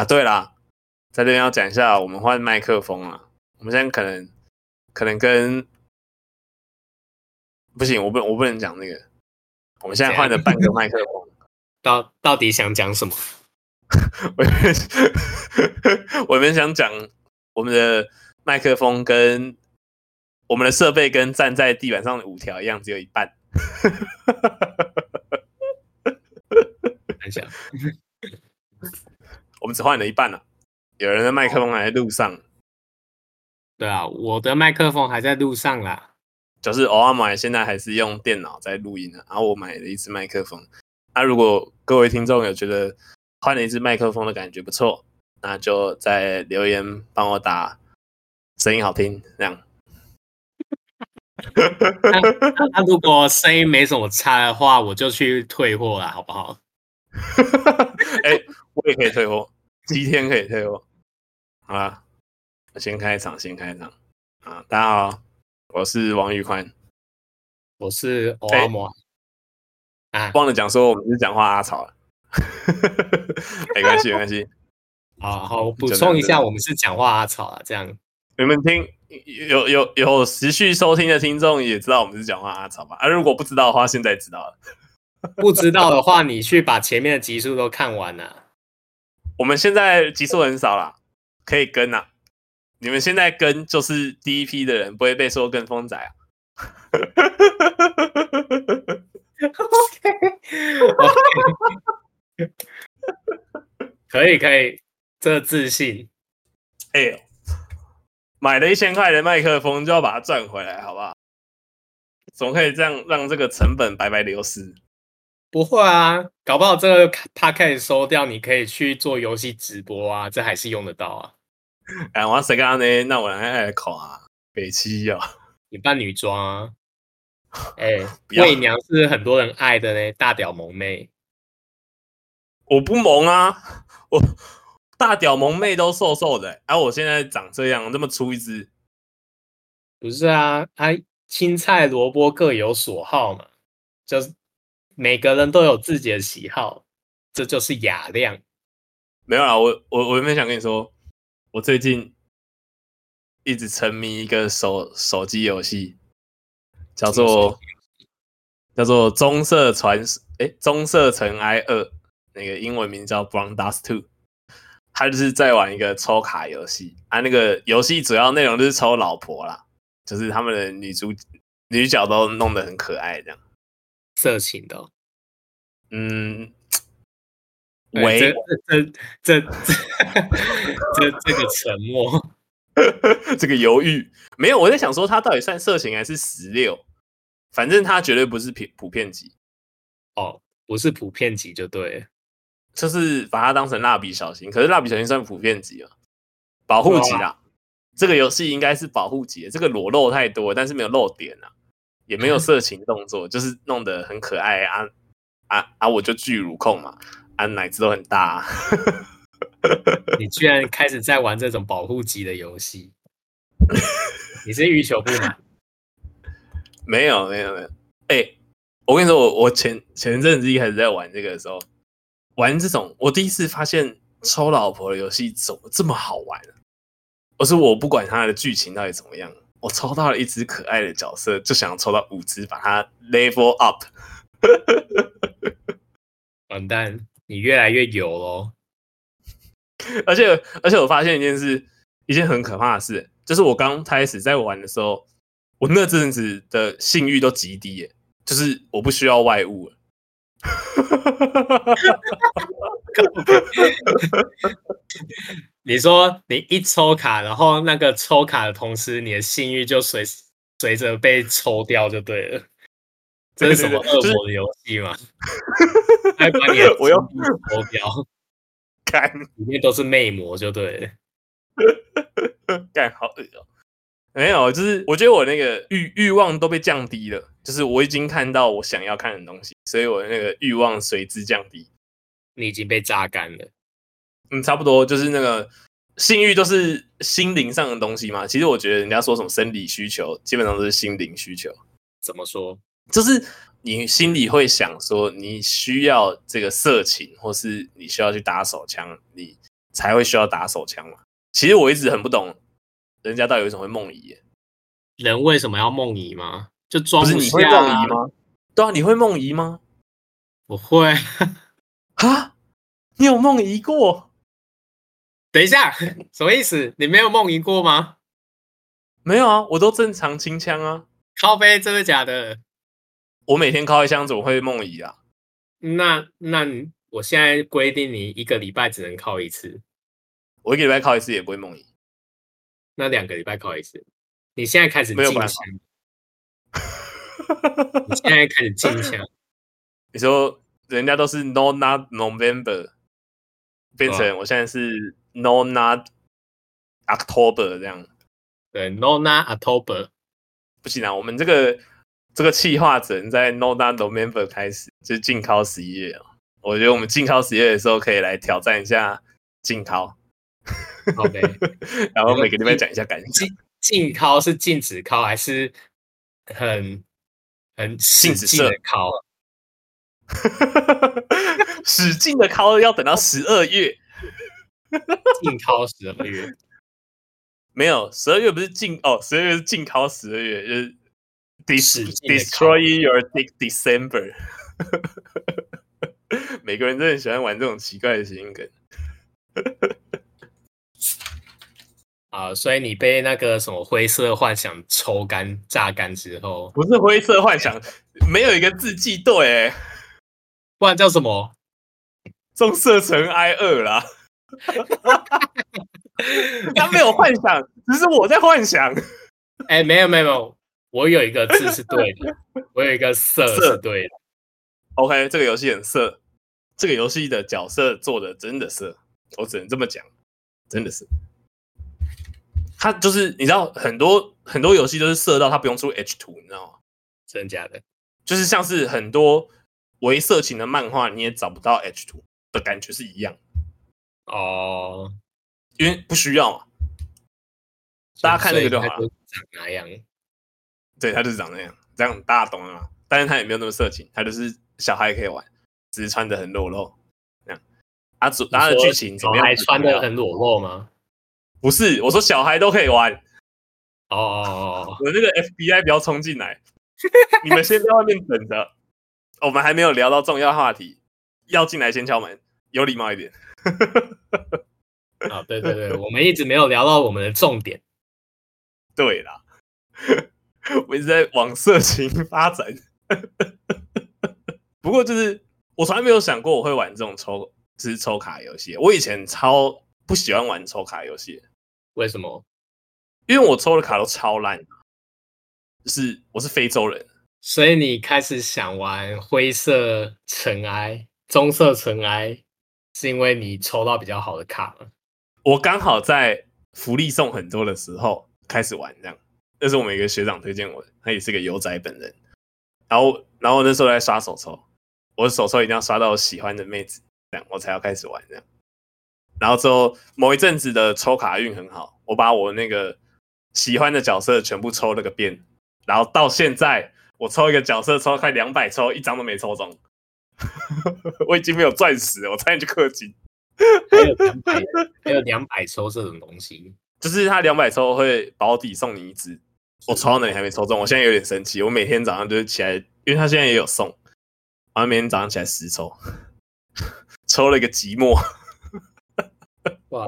啊，對了，在這邊要講一下，我們換麥克風了，啊。我們現在可能可能跟不行，我不我不能講那，這個。我們現在換了半個麥克風，啊、 到到底想講什麼？ 我們想講我們的麥克風跟我們的設備跟站在地板上的五條一樣，只有一半。講 一下。 我們只換了一半了，有人的麥克風還在路上。哦、對啊，我的麥克風還在路上啦。就是偶爾買，現在還是用電腦在錄音的。然、啊、後我買了一支麥克風。那、啊、如果各位聽眾有覺得換了一支麥克風的感覺不錯，那就在留言幫我打聲音好聽，這樣。那、 啊啊、如果聲音沒什麼差的話，我就去退貨了，好不好？哈哈！哎，我也可以退貨，幾 天可以退貨？好啊，我先開一場，先開一場啊！大家好，我是王玉寬，我是歐阿摩。忘了講說我們是講話阿草了，沒關係，沒關係。 好，我補充一下，我們是講話阿草了，這樣你們聽有有有持續收聽的聽眾也知道我們是講話阿草吧？啊，如果不知道的話，現在知道了。 不知道的話，你去把前面的集數都看完了啊。我們現在集數很少了，可以跟啊。你們現在跟就是第一批的人，不會被說跟風仔啊。 Okay. Okay. 可以可以，這自信。哎呦，買了一千塊的麥克風就要把它賺回來，好不好？怎麼可以這樣讓這個成本白白流失？不會啊，搞不好這個他開始收掉，你可以去做遊戲直播啊，這還是用得到啊。哎、欸，我誰幹呢？那我來愛考啊，北七啊，你扮女裝啊？哎、欸，偽娘是很多人愛的呢，大屌萌妹。我不萌啊，我大屌萌妹都瘦瘦的、欸，哎、啊，我現在長這樣，這麼粗一只。不是啊，哎，青菜蘿蔔各有所好嘛，就是。每個人都有自己的喜好，這就是雅量。沒有啦，我我我有沒有想跟你說，我最近一直沉迷一個手手機遊戲，叫做叫做棕色傳，誒，棕色塵埃二，那個英文名叫 Brown Dust Two。他就是在玩一個抽卡遊戲，啊，那個遊戲主要內容就是抽老婆啦，就是他們的女主女主角都弄得很可愛這樣。色情的，嗯喂、欸，這這這這這這,這個沉默， 這個猶豫，沒有，我在想說，他到底算色情還是十六？反正他絕對不是普普遍級，哦，不是普遍級就對，就是把它當成蠟筆小新，可是蠟筆小新算普遍級啊，保護級啦、哦啊，這個遊戲應該是保護級，這個裸露太多，但是沒有露點啊。也沒有色情動作， 就是弄得很可愛啊啊啊！我就巨乳控嘛，啊奶子都很大，啊。 你居然開始在玩這種保護級的遊戲？ 你是欲求不滿？ 沒有沒有沒有。哎、欸，我跟你說，我我前前陣子一開始在玩這個的時候，玩這種我第一次發現抽老婆的遊戲怎麼這麼好玩而，啊、是我不管它的劇情到底怎麼樣，啊。我抽到了一隻可愛的角色，就想抽到五隻，把它 level up。 完蛋，你越來越油咯。而且，而且我發現一件事，一件很可怕的事，就是我剛開始在玩的時候，我那陣子的性慾都極低耶，就是我不需要外物了。哈哈哈哈哈哈！你說你一抽卡，然後那個抽卡的同時，你的幸運就隨隨着被抽掉就對了。這是什麼惡魔的遊戲嗎？對對對就是， 抽掉我用鼠標幹， 裡面都是魅魔就對了。幹 好噁、喔！沒有，就是我覺得我那個慾慾望都被降低了，就是我已經看到我想要看的東西，所以我的那個慾望隨之降低。你已經被榨乾了。嗯，差不多，就是那個性慾都是心靈上的東西嘛。其實我覺得人家說什麼生理需求，基本上都是心靈需求。怎麼說？就是你心裡會想說你需要這個色情，或是你需要去打手槍，你才會需要打手槍嘛。其實我一直很不懂。人家到底為什麼會夢遺，人為什麼要夢遺嗎？就裝不下去、啊、嗎？對啊，你會夢遺嗎？我會。啊 你有夢遺過？等一下，什麼意思？你沒有夢遺過嗎？沒有啊，我都正常清槍啊。靠、哦、背，真的假的？我每天靠一槍，怎麼會夢遺啊？那那我現在規定你一個禮拜只能靠一次。我一個禮拜靠一次也不會夢遺。那兩個禮拜考一次，你現在開始進行。 你現在開始進行。你說人家都是 No Not November，變成我現在是 No Not October 這樣。Oh. 對，No Not October。不行啊，我們這個這個企劃，只能在 No Not November 開始，就是進考十一月。我覺得我們進考十一月的時候，可以來挑戰一下進考。OK， 然後每個地方講一下感，感禁，禁考是禁止考還是很很禁止性的考？ 使勁的考要等到 十二月，禁考十二月，沒有，十二月不是禁哦，十二月是禁考十二月就是 Destroying your dick December， 每個人都很喜歡玩這種奇怪的諧音梗。 啊，所以你被那個什麼灰色幻想抽乾榨乾之後，不是灰色幻想，沒有一個字記對，欸，不然叫什麼？棕色塵埃二啦。 他沒有幻想， 只是我在幻想。哎、欸，沒有沒有沒有，我有一個字是對的，我有一個色是對的。OK，這個遊戲很色，這個遊戲的角色做的真的色，我只能這麼講，真的色。他就是你知道，很多很多遊戲都是色到他不用出 H 圖，你知道嗎？真的假的？就是像是很多微色情的漫畫，你也找不到 H 圖的感覺是一樣的哦，因為不需要嘛。嗯、大家看那個的話，他長那樣，對，他就是長那樣，這樣大家懂了嘛？但是他也沒有那麼色情，他就是小孩可以玩，只是穿的很裸露那樣。他、啊、主他的劇情怎麼樣？還穿的很裸露嗎？不是，我說小孩都可以玩哦。Oh, oh, oh, oh. 我那個 FBI 不要衝進來， 你們先在外面等着。我們還沒有聊到重要話題，要進來先敲門，有禮貌一點。啊、 oh,，對對對對， 我們一直沒有聊到我們的重點。對啦， 我一直在往色情發展。 不過就是，我從來沒有想過我會玩這種抽就是抽卡遊戲。我以前超不喜歡玩抽卡遊戲。為什麼？因為我抽的卡都超爛，就是我是非洲人，所以你開始想玩灰色塵埃、棕色塵埃，是因為你抽到比較好的卡了。我剛好在福利送很多的時候開始玩，這樣。那是我們一個學長推薦我，他也是個油仔本人。然後，然後那時候在刷首抽，我首抽一定要刷到我喜歡的妹子，這樣我才要開始玩這樣。然後之後某一陣子的抽卡運很好，我把我那個喜歡的角色全部抽了個遍。然後到現在，我抽一個角色抽快兩百抽，一張都沒抽中。 我已經沒有鑽石了，我差點就氪金。還有兩百，還有兩百抽這種東西，就是他兩百抽會保底送你一只。我抽到那裡還沒抽中，我現在有點生氣。我每天早上就是起來，因為他現在也有送，然後每天早上起來十抽， 抽了一個寂寞。哇！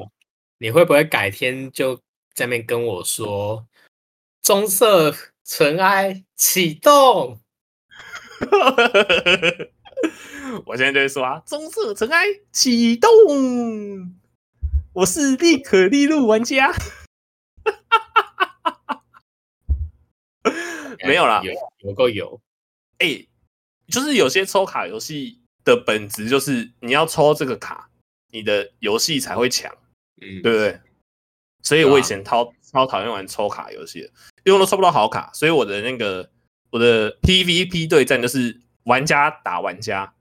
你會不會改天就在那邊跟我說“棕色塵埃啟動”？ 我現在就會說啊，“棕色塵埃啟動”，我是立可利路玩家、 欸。沒有啦，有夠有，有！誒、欸，就是有些抽卡遊戲的本質就是你要抽這個卡，你的遊戲才會強，嗯，對不對？啊、所以我以前超超討厭玩抽卡遊戲的，因為我都抽不到好卡，所以我的那個我的 PVP 對戰就是玩家打玩家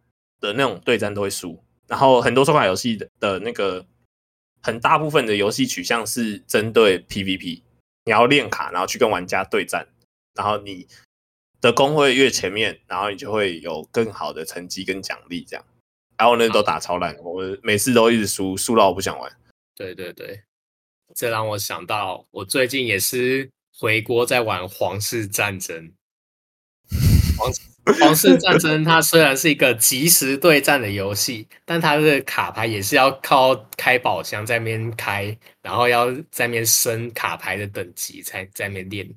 的那種對戰都會輸。然後很多抽卡遊戲的那個很大部分的遊戲取向是針對 PVP，你要練卡，然後去跟玩家對戰，然後你的工會越前面，然後你就會有更好的成績跟獎勵這樣。然後那都打超爛，我每次都一直輸，輸到我不想玩。對對對，這讓我想到，我最近也是回國在玩《皇室戰爭》 皇。皇室戰爭它雖然是一個即時對戰的遊戲，但它的卡牌也是要靠開寶箱在那邊開，然後要在那邊升卡牌的等級才在那邊練。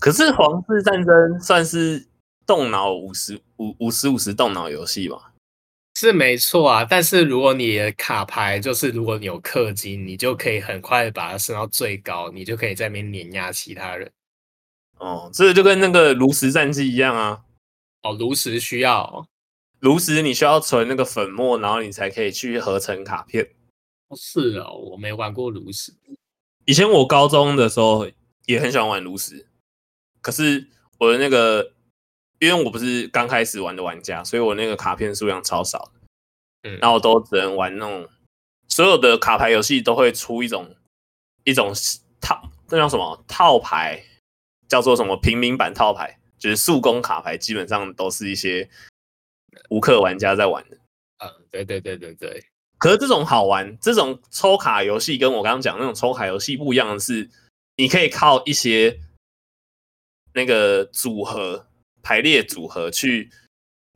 可是《皇室戰爭》算是動腦五十、五十、五十動腦遊戲吧。是沒錯啊，但是如果你的卡牌就是如果你有氪金，你就可以很快把它升到最高，你就可以在那邊碾壓其他人。哦，這個就跟那個爐石戰記一樣啊。哦，爐石需要爐石，你需要存那個粉末，然後你才可以去合成卡片。哦，是哦，我沒玩過爐石。以前我高中的時候也很喜歡玩爐石，可是我的那個。因為我不是剛開始玩的玩家，所以我那個卡片數量超少，然後嗯，那我都只能玩那種所有的卡牌遊戲都會出一種一種套，那叫什麼套牌？叫做什麼平民版套牌？就是速攻卡牌，基本上都是一些無氪玩家在玩的。嗯、啊，對對對對對。可是這種好玩，這種抽卡遊戲跟我剛剛講的那種抽卡遊戲不一樣的是，你可以靠一些那個組合。排列組合去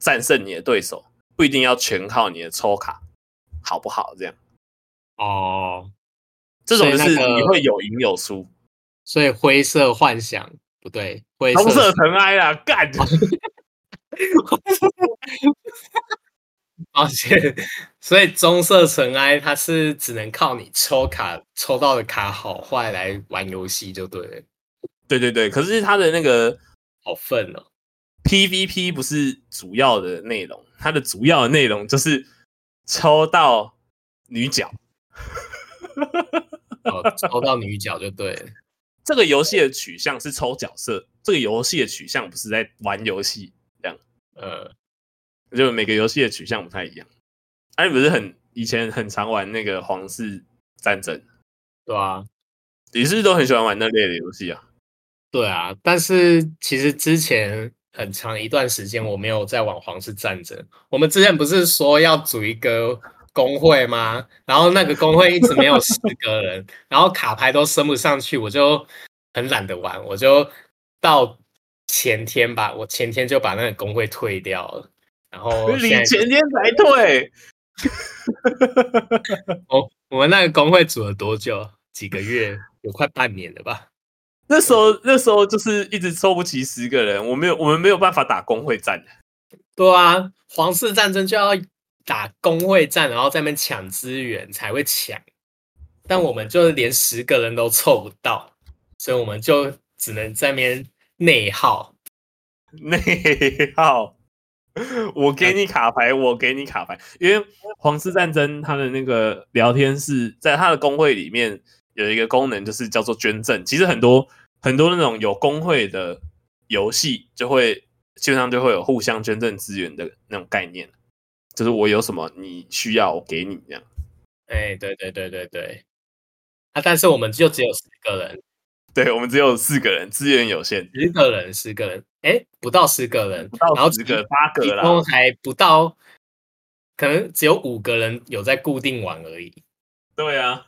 戰勝你的對手，不一定要全靠你的抽卡，好不好？這樣哦，這種是你會有贏有輸，所以,、那個、所以灰色幻想不對，灰色塵埃啊，幹！而、哦、且 抱歉，所以棕色塵埃它是只能靠你抽卡抽到的卡好壞來,來玩遊戲就對了，對對對。可是它的那個好糞哦。PVP 不是主要的內容，它的主要內容就是抽到女角， 哦、抽到女角就對了。這個遊戲的取向是抽角色，這個遊戲的取向不是在玩遊戲。這樣、嗯，呃，就每個遊戲的取向不太一樣。哎、啊，不是很，以前很常玩那個皇室戰爭，對啊，你是不是都很喜歡玩那類的遊戲啊？對啊，但是其實之前。很長一段時間我沒有在玩皇室戰爭。我們之前不是說要組一個工會嗎？然後那個工會一直沒有四個人， 然後卡牌都升不上去，我就很懶得玩，我就到前天吧，我前天就把那個工會退掉了。然後你前天才退？ 我 我們那個工會組了多久？幾個月？有快半年了吧？那時候，那時候就是一直湊不齊十個人，我沒有，我們沒有辦法打工會戰。對啊，皇室戰爭就要打工會戰，然後在那邊搶資源才會搶。但我們就是連十個人都湊不到，所以我們就只能在那邊內耗。內耗，我給你卡牌，我給你卡牌，因為皇室戰爭他的那個聊天室在他的工會裡面。有一個功能就是叫做捐贈，其實很多很多那種有公會的遊戲就會基本上就會有互相捐贈資源的那種概念，就是我有什麼你需要我給你這樣。哎、欸，對對對對對。啊，但是我們就只有十個人。對，我們只有四個人，資源有限。十個人，十個人，哎，不到十個人，不到十個，八個人。一共還不到，可能只有五個人有在固定玩而已。對啊。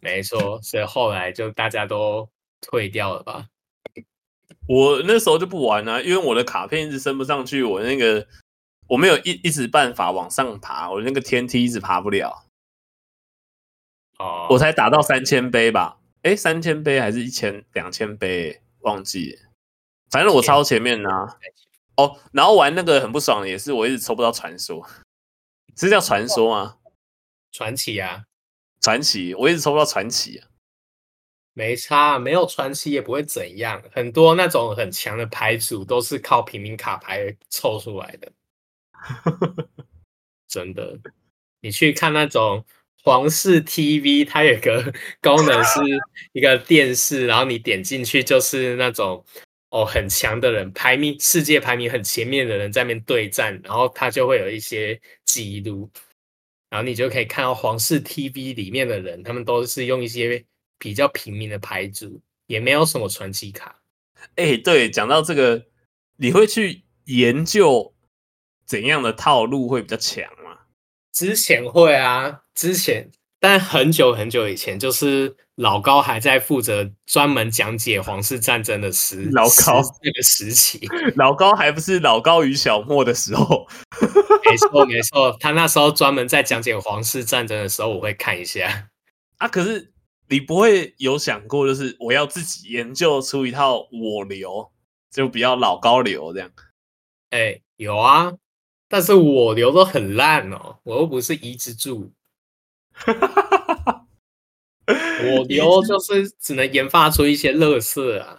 沒錯，所以後來就大家都退掉了吧。 我那時候就不玩了，啊，因為我的卡片一直升不上去，我那個我沒有一一直辦法往上爬，我那個天梯一直爬不了。哦，我才打到三千杯吧，哎、欸，三千杯還是一千兩千杯，欸，忘記了，反正我超前面呢，啊。哦，然後玩那個很不爽的也是我一直抽不到傳說。這叫傳說嗎？傳奇啊。傳奇，我一直抽不到傳奇啊！沒差，沒有傳奇也不會怎樣。很多那種很強的牌組都是靠平民卡牌湊出來的。 真的，你去看那種皇室 TV，它有個功能是一個電視， 然後你點進去就是那種哦很強的人排名，世界排名很前面的人在那邊對戰，然後他就會有一些記錄。然後你就可以看到皇室 TV 裡面的人，他們都是用一些比較平民的牌組，也沒有什麼傳奇卡。哎，對，講到這個，你會去研究怎樣的套路會比較強嗎？之前會啊，之前。但很久很久以前，就是老高還在負責專門講解皇室戰爭的時，老高那個時期，老高還不是老高與小茉的時候。 沒錯，沒錯，他那時候專門在講解皇室戰爭的時候，我會看一下。啊，可是你不會有想過，就是我要自己研究出一套我流，就比較老高流這樣。哎、欸，有啊，但是我流都很爛哦、喔，我又不是一直住。哈哈哈！我流就是只能研發出一些樂色啊。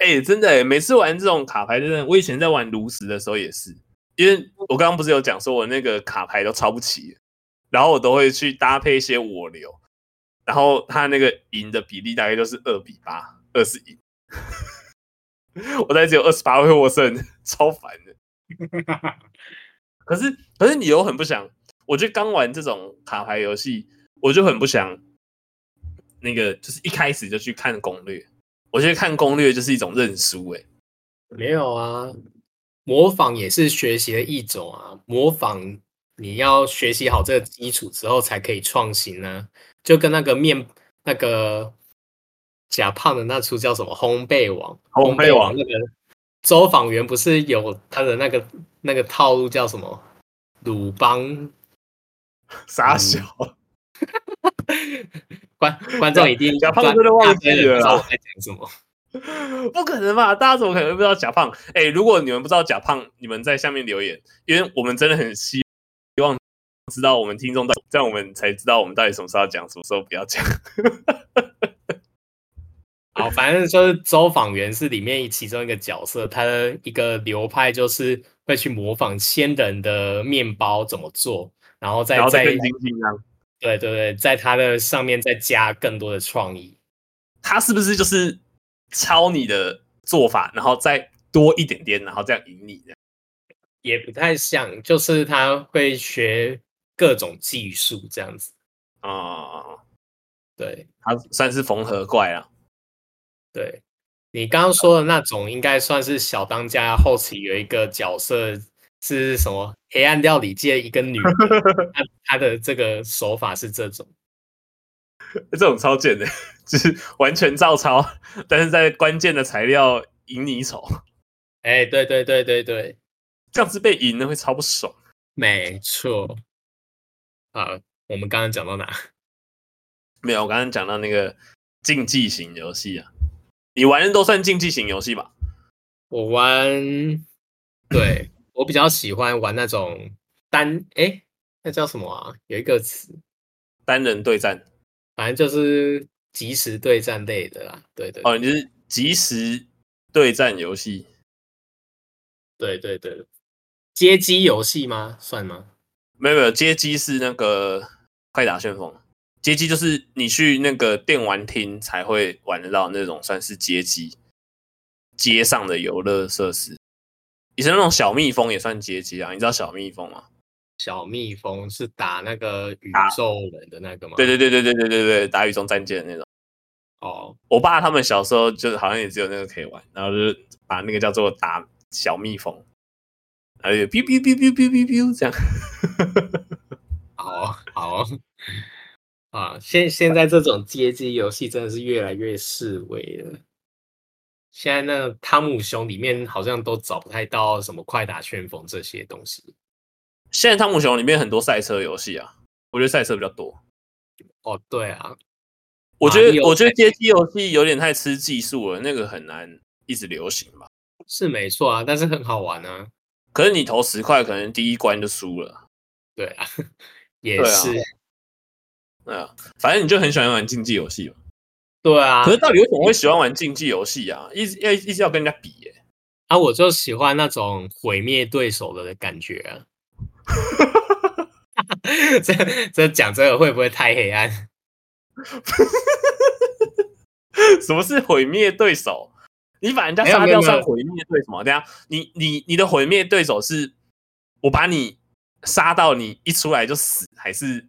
哎、 欸，真的，欸，每次玩這種卡牌，真的，我以前在玩爐石的時候也是，因為我剛剛不是有講說我那個卡牌都抄不齊，然後我都會去搭配一些我流，然後他那個贏的比例大概就是二比八，二 我在只有二十八位獲勝，超煩的。 可是可是你又很不想，我就剛玩這種卡牌遊戲，我就很不想那個，就是一開始就去看攻略。我覺得看攻略就是一種認輸。哎，沒有啊，模仿也是學習的一種啊。模仿你要學習好這個基礎之後，才可以創新呢、啊。就跟那個面那個假胖的那出叫什麼烘《烘焙王》，烘焙王那個周訪員不是有他的那個那個套路叫什麼魯邦？傻小，嗯、笑，觀觀眾一定假胖真的忘記了我講什麼，不可能吧？大家怎麼可能不知道假胖，欸？如果你們不知道假胖，你們在下面留言，因為我們真的很希望知道我們聽眾到底，這樣我們才知道我們到底什麼時候要講，什麼時候不要講。 好，反正就是周訪員是裡面其中一個角色，他的一個流派就是會去模仿仙人的麵包怎麼做。然後再，然後再更精進啊、在對對對，在他的上面再加更多的創意，他是不是就是抄你的做法，然後再多一點點，然後這樣贏你的？的也不太像，就是他會學各種技術這樣子啊、嗯。對他算是縫合怪啊。對你剛剛說的那種，應該算是小當家後期有一個角色。是什麼黑暗料理界一個女人，她 她的這個手法是這種，欸、這種超賤的，就是完全照抄，但是在關鍵的材料贏你一籌。哎、欸，對對對對對，這樣子被贏的會超不爽。沒錯。啊，我們剛剛講到哪？沒有，我剛剛講到那個競技型遊戲啊。你玩的都算競技型遊戲吧？我玩，對。 我比較喜歡玩那種單哎、欸，那叫什麼啊？有一個詞，單人對戰，反正就是即時對戰類的啦。對對對，哦，你是即時對戰遊戲？對對對，街機遊戲嗎？算嗎？沒有沒有，街機是那個快打旋風。街機就是你去那個電玩廳才會玩得到那種，算是街機。街上的遊樂設施。其實那種小蜜蜂也算街機啊，你知道小蜜蜂嗎？小蜜蜂是打那個宇宙人的那個嗎？對對對對對對對對，打宇宙戰艦的那種。哦，我爸他們小時候就是好像也只有那個可以玩，然後就是把那個叫做打小蜜蜂，還有嗶嗶嗶嗶嗶嗶嗶這樣。 好、哦、好啊、哦，啊，現現在這種街機遊戲真的是越來越式微了。現在那個湯姆熊裡面好像都找不太到什麼快打旋風這些東西。現在湯姆熊裡面很多賽車遊戲啊，我覺得賽車比較多。哦，對啊，我覺得我覺得街機遊戲有點太吃技術了，那個很難一直流行吧。是沒錯啊，但是很好玩啊。可是你投十塊，可能第一關就輸了。對啊，也是。嗯、啊，反正你就很喜歡玩競技遊戲吧。對啊，可是到底為什麼會喜歡玩競技遊戲啊？一直要一直要跟人家比耶、欸、啊！我就喜歡那種毀滅對手的感覺、啊。 這這講這個會不會太黑暗？ 什麼是毀滅對手？你把人家殺掉算毀滅對手嗎？等一下，你你你的毀滅對手是我把你殺到你一出來就死，還是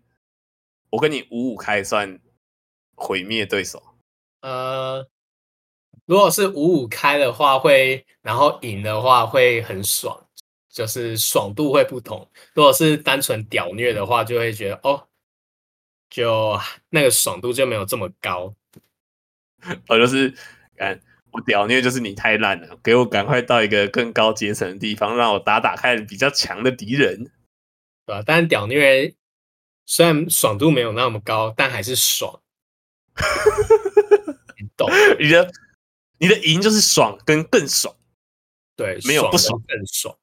我跟你五五開算毀滅對手？呃，如果是五五開的話會，會然後贏的話會很爽，就是爽度會不同。如果是單純屌虐的話，就會覺得哦，就那個爽度就沒有這麼高。我、哦、就是，嗯，我屌虐就是你太爛了，給我趕快到一個更高階層的地方，讓我打打看比較強的敵人。對，但屌虐雖然爽度沒有那麼高，但還是爽。 你的你的贏就是爽跟更爽，對，沒有不爽，爽更爽。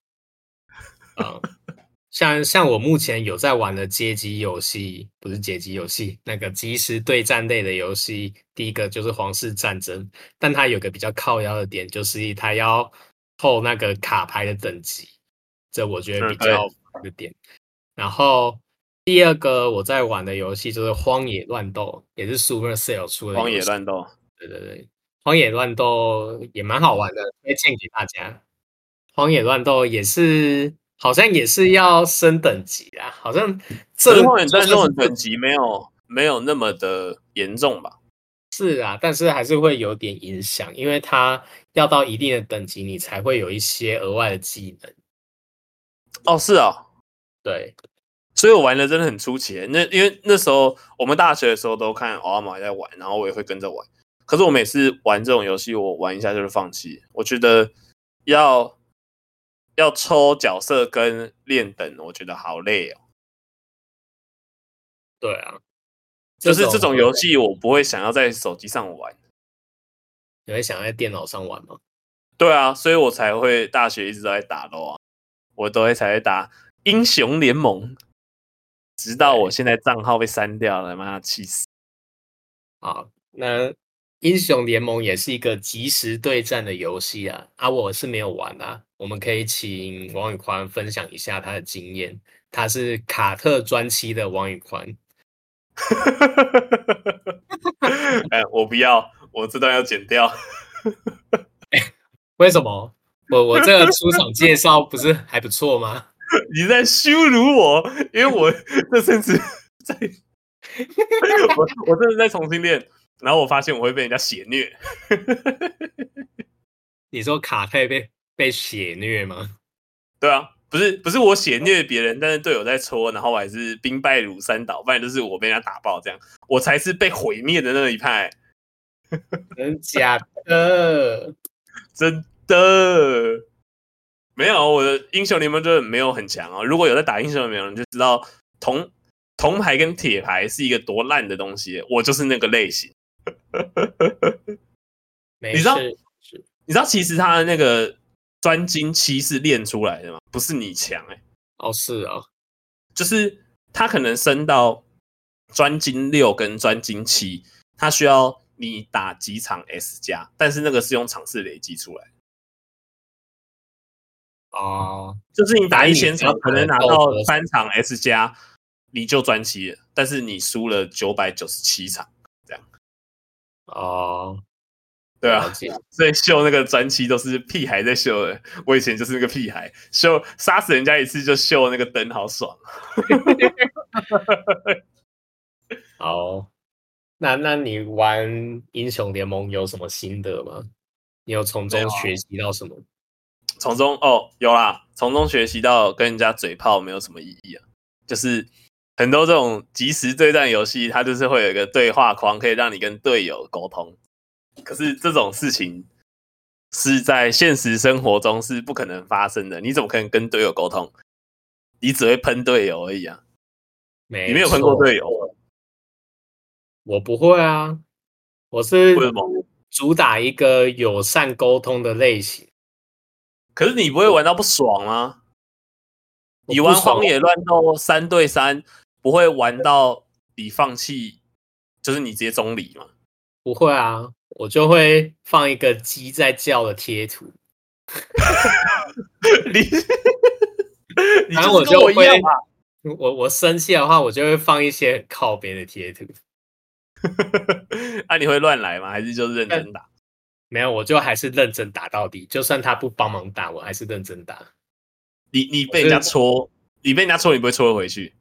啊、 嗯，像像我目前有在玩的階級遊戲，不是階級遊戲，那個即時對戰類的遊戲，第一個就是《皇室戰爭》，但它有個比較靠腰的點，就是它要扣那個卡牌的等級，這我覺得比較的點、嗯哎。然後第二個我在玩的遊戲就是《荒野亂鬥》，也是 Supercell 出的《荒野亂鬥》。對對對，《荒野亂鬥》也蠻好玩的，推薦給大家。《荒野亂鬥》也是，好像也是要升等級啊，好像這《荒野亂鬥》的等級沒有沒有那麼的嚴重吧？是啊，但是還是會有點影響，因為它要到一定的等級，你才會有一些額外的技能。哦，是哦、啊，對，所以我玩的真的很出奇。那因為那時候我們大學的時候都看、哦、我阿媽在玩，然後我也會跟着玩。可是我每次玩這種遊戲，我玩一下就是放棄。我覺得要要抽角色跟練等，我覺得好累哦。對啊，就是這種遊戲我不會想要在手機上玩。你會想在電腦上玩嗎？對啊，所以我才會大學一直都在打囉。我都會才會打英雄聯盟，直到我現在賬號被刪掉了，媽呀，氣死！啊，那。英雄聯盟也是一個即時對戰的遊戲啊，啊，我是沒有玩啊。我們可以請王宇寬分享一下他的經驗，他是卡特專期的王宇寬。哎、 欸，我不要，我這段要剪掉。哎、 欸，為什麼？我我這個出場介紹不是還不錯嗎？你在羞辱我，因為我這甚至在，我我這是在重新練。然後我發現我會被人家血虐， 你說卡佩被被血虐嗎？對啊，不是不是我血虐別人，但是隊友在戳，然後我還是兵敗如山倒，反正就是我被人家打爆，這樣我才是被毀滅的那一派。 真的假的？ 真的。沒有，我的英雄聯盟就沒有很強啊、哦！如果有在打英雄聯盟，你就知道銅銅牌跟鐵牌是一個多爛的東西，我就是那個類型。呵呵呵呵，你知道你知道其實他的那個專精七是練出來的嗎？不是你強哎、欸。哦，是啊、哦，就是他可能升到專精六跟專精七，他需要你打幾場 S 加，但是那個是用場次累積出來。哦，就是你打一千場，可能拿到三場 S 加，你就專七了，但是你輸了九百九十七場。哦、oh，對啊，所以秀那個專輯都是屁孩在秀的。我以前就是那個屁孩，秀殺死人家一次就秀那個燈，好爽。好、 oh，那那你玩英雄聯盟有什麼心得嗎？你有從中學習到什麼？從、啊、中哦，有啦，從中學習到跟人家嘴炮沒有什麼意義啊，就是。很多這種即時對戰遊戲，它就是會有一個對話框，可以讓你跟隊友溝通。可是這種事情是在現實生活中是不可能發生的。你怎麼可能跟隊友溝通？你只會噴隊友而已啊！沒有你沒有噴過隊友？我不會啊，我是主打一個友善溝通的類型。可是你不會玩到不爽嗎？啊？你玩荒野亂鬥三對三？不會玩到你放棄，就是你直接中離嗎？不會啊，我就會放一個雞在叫的貼圖。你 你就跟我一樣嘛，啊、我就會我我生氣的話，我就會放一些靠邊的貼圖。 啊，你會亂來嗎？還是就認真打？沒有，我就還是認真打到底。就算他不幫忙打，我還是認真打。你你被人家戳，你被人家戳，你被人家戳你不會戳回去？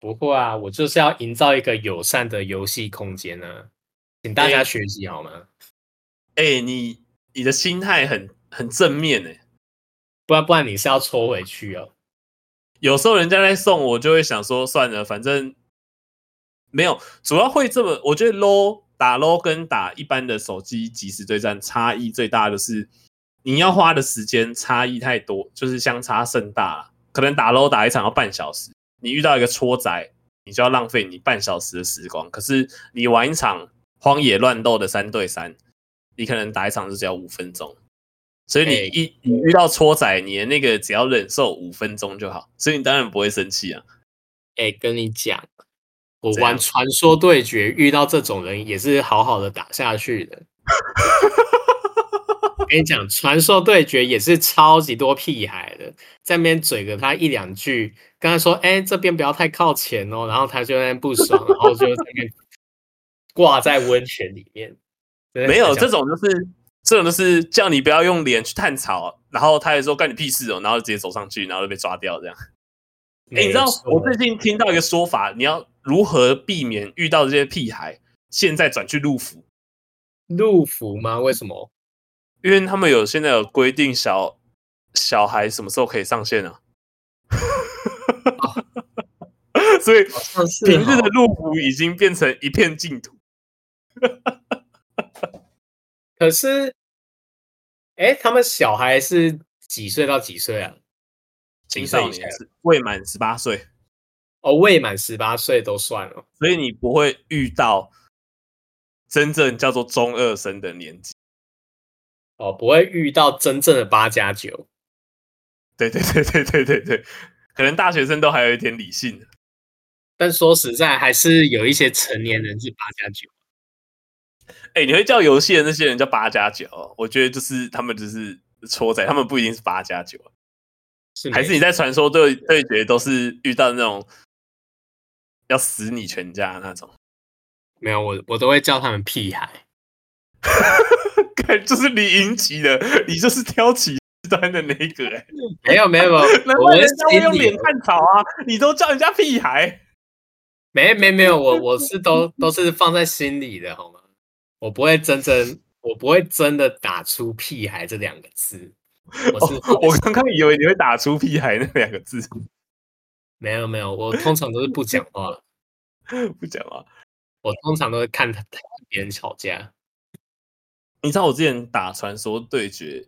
不過啊，我就是要營造一個友善的遊戲空間呢、啊，請大家學習、欸、好嗎？哎、欸，你你的心態很很正面哎、欸，不然不然你是要抽回去哦。有時候人家在送，我就會想說算了，反正沒有。主要會這麼，我覺得 LOL 打 LOL 跟打一般的手機即時對戰差異最大的是，你要花的時間差異太多，就是相差甚大了。可能打 LOL 打一場要半小時。你遇到一個搓仔，你就要浪費你半小時的時光。可是你玩一場荒野亂鬥的三對三，你可能打一場就只要五分鐘。所以你一、欸、你遇到搓仔，你的那個只要忍受五分鐘就好。所以你當然不會生氣啊、欸。跟你講，我玩傳說對決遇到這種人也是好好的打下去的。 跟你講，傳說對決也是超級多屁孩的，在那邊嘴跟他一兩句。跟他說，哎、欸，這邊不要太靠前哦。然後他就那邊不爽， 然後就在那掛在溫泉裡面。 沒有這種，就是這種，就是叫你不要用臉去探草。然後他也說干你屁事哦、喔，然後直接走上去，然後就被抓掉這樣。哎、欸，你知道我最近聽到一個說法，你要如何避免遇到這些屁孩？現在轉去陸服。陸服嗎？為什麼？因為他們有現在有規定小，小小孩什麼時候可以上線呢、啊哦？ 所以平日的路虎已經變成一片淨土、哦哦。可是，哎，他們小孩是幾歲到幾歲啊？青少年，未滿十八歲。哦，未滿十八歲都算了，所以你不會遇到真正叫做中二生的年紀。哦，不會遇到真正的八加九。對對對對對對對，可能大學生都還有一點理性，但說實在，還是有一些成年人是八加九。哎、欸，你會叫遊戲的那些人叫八加九？我覺得就是他們只、就是搓仔，他們不一定是八加九啊。是還是你在傳說對對決都是遇到那種要死你全家那種？沒有，我我都會叫他們屁孩。哈哈，對，就是你引起的，你就是挑起端的那個、欸？哎， 沒有沒有，我們都會用臉看吵啊，你都叫人家屁孩， 沒沒沒有，我我是都都是放在心裡的好嗎？我不會真正，我不會真的打出屁孩這兩個字。我是、哦、我剛剛以為你會打出屁孩那兩個字， 沒有沒有，我通常都是不講話 不講話，我通常都是看別人吵架。你知道我之前打傳說對決，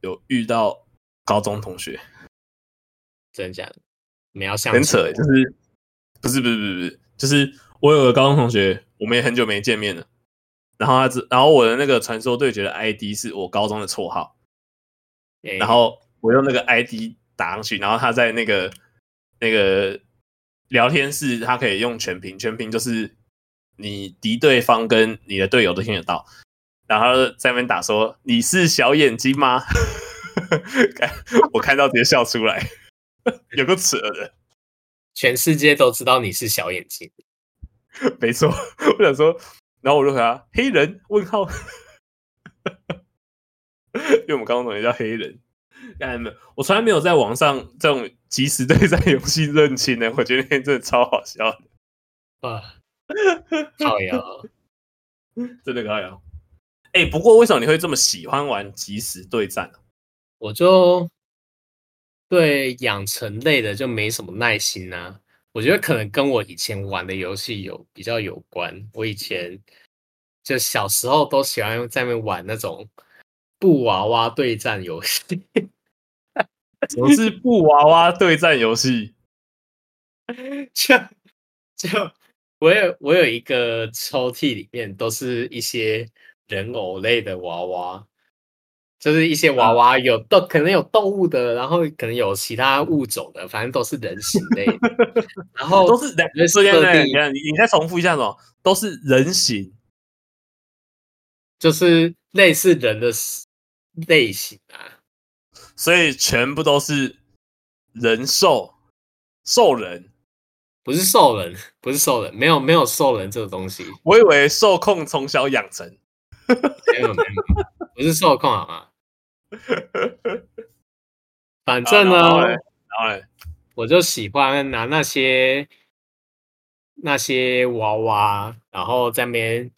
有遇到高中同學，真假的？你要想很扯、欸，就是不是不是不是不是，就是我有個高中同學，我們也很久沒見面了。然後他只，然後我的那個傳說對決的 ID 是我高中的綽號，Okay. 然後我用那個 ID 打上去，然後他在那個那個聊天室，他可以用全屏，全屏就是你敵對方跟你的隊友都聽得到。然後在那邊打說：“你是小眼睛嗎 ？”我看到直接笑出來，有個扯的，全世界都知道你是小眼睛，沒錯。我想說，然後我就和他：“黑人？”問號， 因為我們剛剛統一叫黑人，看見沒有？我從來沒有在網上這種即時對戰遊戲認親呢。我覺得那天真的超好笑的，啊，好陽，真的好陽。哎、欸，不過為什麼你會這麼喜歡玩即時對戰、啊、我就對養成類的就沒什麼耐心啊。我覺得可能跟我以前玩的遊戲有比較有關。我以前就小時候都喜歡在那邊玩那種布娃娃對戰遊戲，就是布娃娃對戰遊戲。就 就我有我有一個抽屜裡面都是一些。人偶類的娃娃，就是一些娃娃有動，可能有動物的，然後可能有其他物種的，反正都是人形類的。 然後都是人設你看，你再重複一下，咯，都是人形，就是類似人的類型啊。所以全部都是人獸獸人，不是獸人，不是獸人，沒有沒有獸人這個東西。我以為獸控從小養成。 沒有沒有，不是受控好嗎？ 反正呢， 我就喜歡拿那些那些娃娃，然後在那邊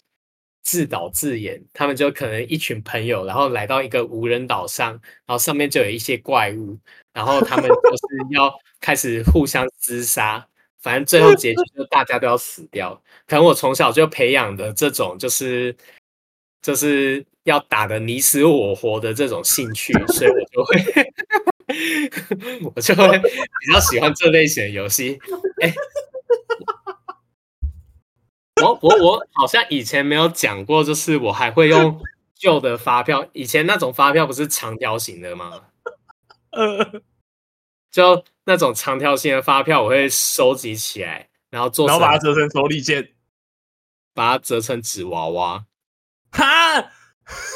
自導自演。他們就可能一群朋友，然後來到一個無人島上，然後上面就有一些怪物，然後他們就是要開始互相廝殺。 反正最後結局就大家都要死掉。 可能我從小就培養的這種就是。就是要打得你死我活的這種興趣，所以我就會， 我就會比較喜歡這類型遊戲，欸，我我我好像以前沒有講過，就是我還會用舊的發票，以前那種發票不是長條形的嗎？就那種長條形的發票，我會收集起來，然後做，然後把它折成手裡劍，把它折成紙娃娃。哈、啊，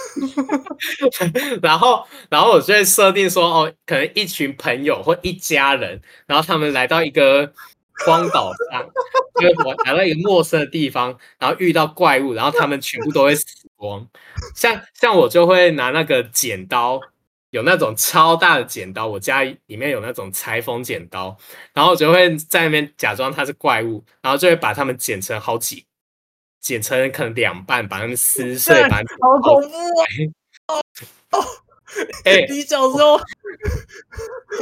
然後，然後我就會設定說，哦，可能一群朋友或一家人，然後他們來到一個荒島上，就是我來到一個陌生的地方，然後遇到怪物，然後他們全部都會死光。像像我就會拿那個剪刀，有那種超大的剪刀，我家裡面有那種裁縫剪刀，然後我就會在那邊假裝他是怪物，然後就會把他們剪成好幾簡稱可能兩半，把他們撕碎，把他們。好恐怖啊！哦、欸、哦，你小時候，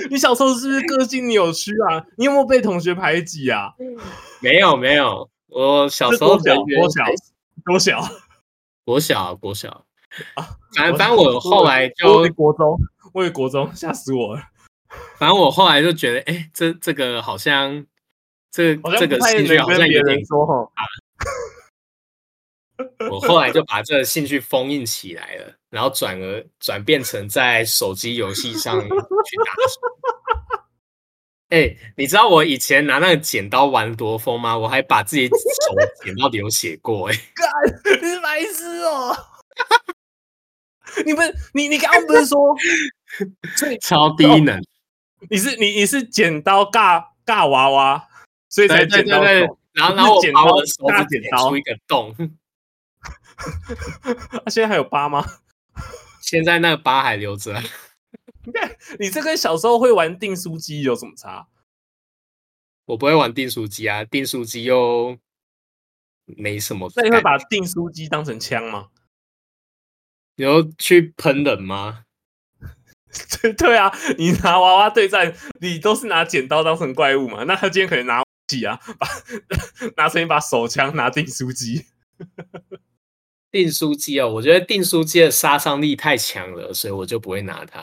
你小時候是不是個性扭曲啊、欸？你有沒有被同學排擠啊？沒有沒有，我小時候小學，國小，國小，國小，國小啊！小啊反正反正我後來就我國中，為國中嚇死我了。反正我後來就覺得，哎、欸，這這個好像，這像這個興趣好像有人說我後來就把這個興趣封印起來了，然後轉而轉變成在手機遊戲上去打。哎 欸，你知道我以前拿那個剪刀玩多瘋嗎？我還把自己手剪到流血過、欸。哎，你是白痴哦！ 你不是，你你，你剛剛不是說 超低能？哦、你是你你是剪刀幹幹娃娃，所以才剪刀對，對，對，然後然，後然後我，剪我剪刀的時候，剪出一個洞。哈 現在還有疤嗎？現在那個疤還留着。 你這跟小時候會玩訂書機有什麼差？我不會玩訂書機啊，訂書機又沒什麼。那你會把訂書機當成槍嗎？你要去噴人嗎？ 對啊，你拿娃娃對戰，你都是拿剪刀當成怪物嘛？那他今天可以拿起啊把，拿成一把手槍，拿訂書機。 訂書機哦，我覺得訂書機的殺傷力太強了，所以我就不會拿它。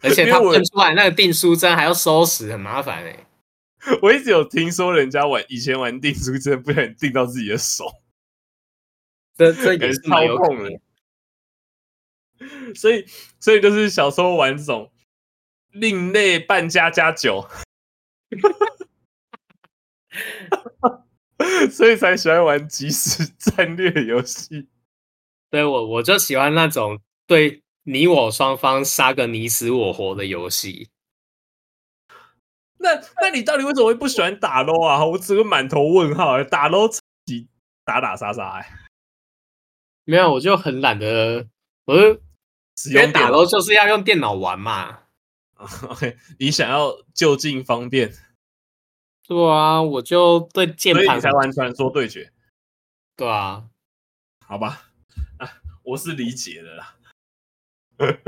而且它噴出來那個訂書針還要收拾，很麻煩哎、欸。我一直有聽說人家玩以前玩訂書針，不小心訂到自己的手，這這也是有。超痛的。所以，所以就是小時候玩這種另類扮家家酒。 所以才喜歡玩即時戰略遊戲，對，我我就喜歡那種對你我雙方殺個你死我活的遊戲。那那你到底為什麼會不喜歡打擼啊？我只會滿頭問號、欸，打擼自己打打殺殺，哎，沒有，我就很懶得，我是因為打擼就是要用電腦玩嘛。 你想要就近方便。對啊，我就對鍵盤，所以你才玩傳說對決。對啊，好吧，啊、我是理解的啦。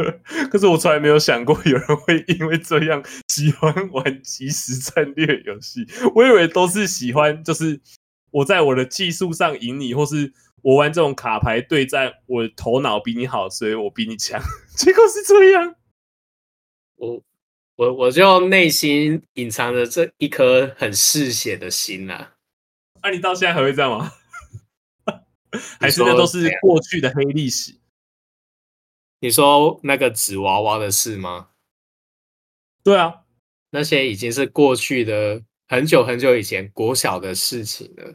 可是我從來沒有想過有人會因為這樣喜歡玩即時戰略遊戲。我以為都是喜歡，就是我在我的技術上贏你，或是我玩這種卡牌對戰，我頭腦比你好，所以我比你強。 結果是這樣。我、oh.。我我就內心隱藏着這一顆很嗜血的心吶、啊，那、啊、你到現在還會這樣嗎？ 說還是那都是過去的黑歷史、啊？你說那個紙娃娃的事嗎？對啊，那些已經是過去的很久很久以前國小的事情了。